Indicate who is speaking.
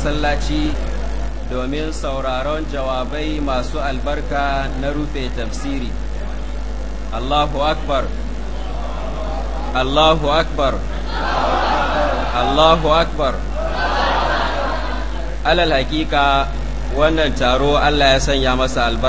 Speaker 1: masallaci domin sauraron jawabai masu albarka na rufe tafsiri Allahu akbar Allahu akbar Allahu akbar alal hakika wannan taro Allah ya sanya masa albarka